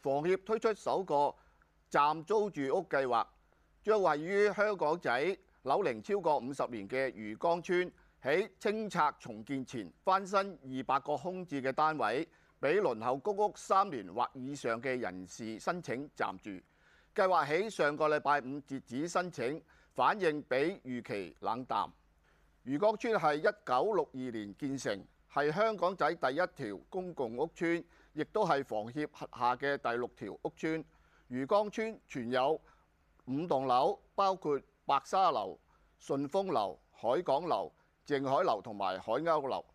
房協推出首個暫租住屋計劃，將位於香港仔樓齡超過五十年嘅漁光村，喺清拆重建前，翻新二百個空置嘅單位，俾輪候公屋三年或以上嘅人士申請暫住。計劃喺上個禮拜五截止申請。反應比預期冷淡。漁光村係一九六二年建成，係香港仔第一條公共屋村，亦都係房協下嘅第六條屋村。漁光村存有五棟樓，包括白沙樓、順風樓、海港樓、靜海樓同埋海鷗樓。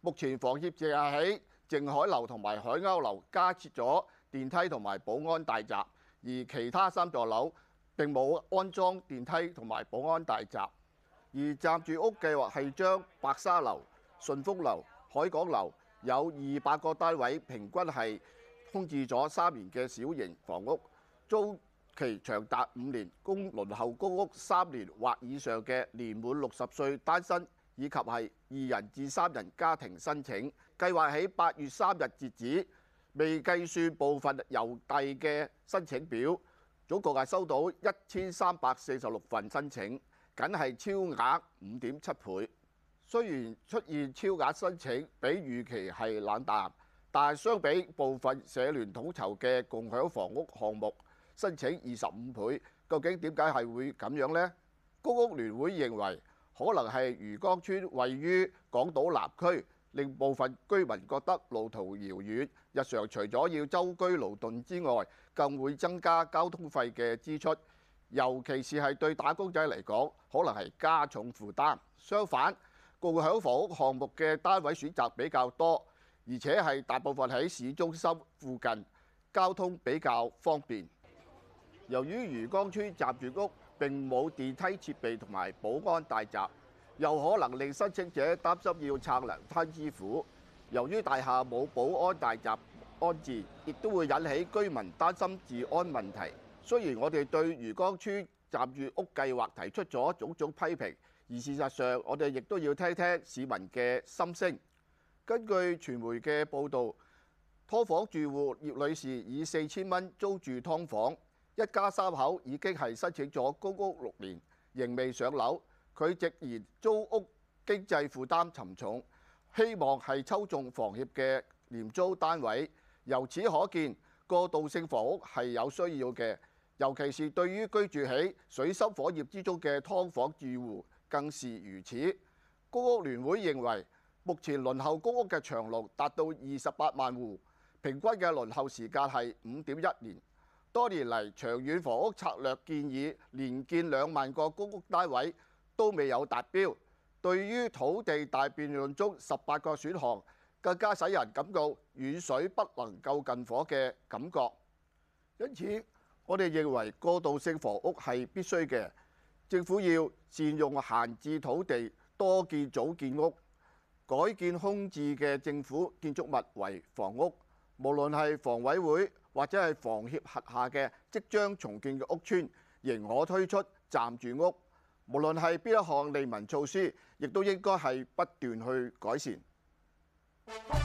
目前房協正喺靜海樓同埋海鷗樓加設咗電梯同埋保安大閘，而其他三座樓，並冇安裝電梯同埋保安大閘，而暫住屋計劃係將白沙樓、順豐樓、海港樓有二百個單位，平均係空置咗三年嘅小型房屋，租期長達五年，供輪候公屋三年或以上嘅年滿六十歲單身以及係二人至三人家庭申請，計劃喺八月三日截止，未計算部分郵遞嘅申請表。總共係收到一千三百四十六份申請，僅係超額五點七倍。雖然出現超額申請，比預期係冷淡，但係相比部分社聯統籌嘅共享房屋項目申請二十五倍，究竟點解係會咁樣呢？公屋聯會認為可能係漁光村位於港島南區。令部分居民覺得路途遙遠，日常除咗要周居勞頓之外，更會增加交通費嘅支出，尤其是係對打工仔嚟講，可能係加重負擔。相反，共享房屋項目嘅單位選擇比較多，而且係大部分喺市中心附近，交通比較方便。由於漁光村集住屋並冇電梯設備同埋保安大閘。又可能令申請者擔心要拆樓吞之苦，由於大廈冇保安大閘安置，亦都會引起居民擔心治安問題。雖然我哋對漁光村暫住屋計劃提出咗種種批評，而事實上我哋亦都要聽聽市民嘅心聲。根據傳媒嘅報導，劏房住戶葉女士以四千蚊租住劏房，一家三口已經係申請咗公屋六年，仍未上樓。佢直言租屋經濟負擔沉重，希望係抽中房協嘅廉租單位。由此可見，過渡性房屋係有需要嘅，尤其是對於居住喺水深火熱之中嘅劏房住戶更是如此。公屋聯會認為，目前輪候公屋嘅長龍達到二十八萬戶，平均嘅輪候時間係五點一年。多年嚟，長遠房屋策略建議連建兩萬個公屋單位。都未有達標。對於土地大辯論中十八個選項，更加使人感到遠水不能夠近火嘅感覺。因此，我哋認為過渡性房屋係必須嘅。政府要善用閒置土地，多建組建屋，改建空置嘅政府建築物為房屋。無論係房委會或者係房協轄下嘅即將重建嘅屋邨，仍可推出暫住屋。無論係邊一項利民措施，亦都應該係不斷去改善。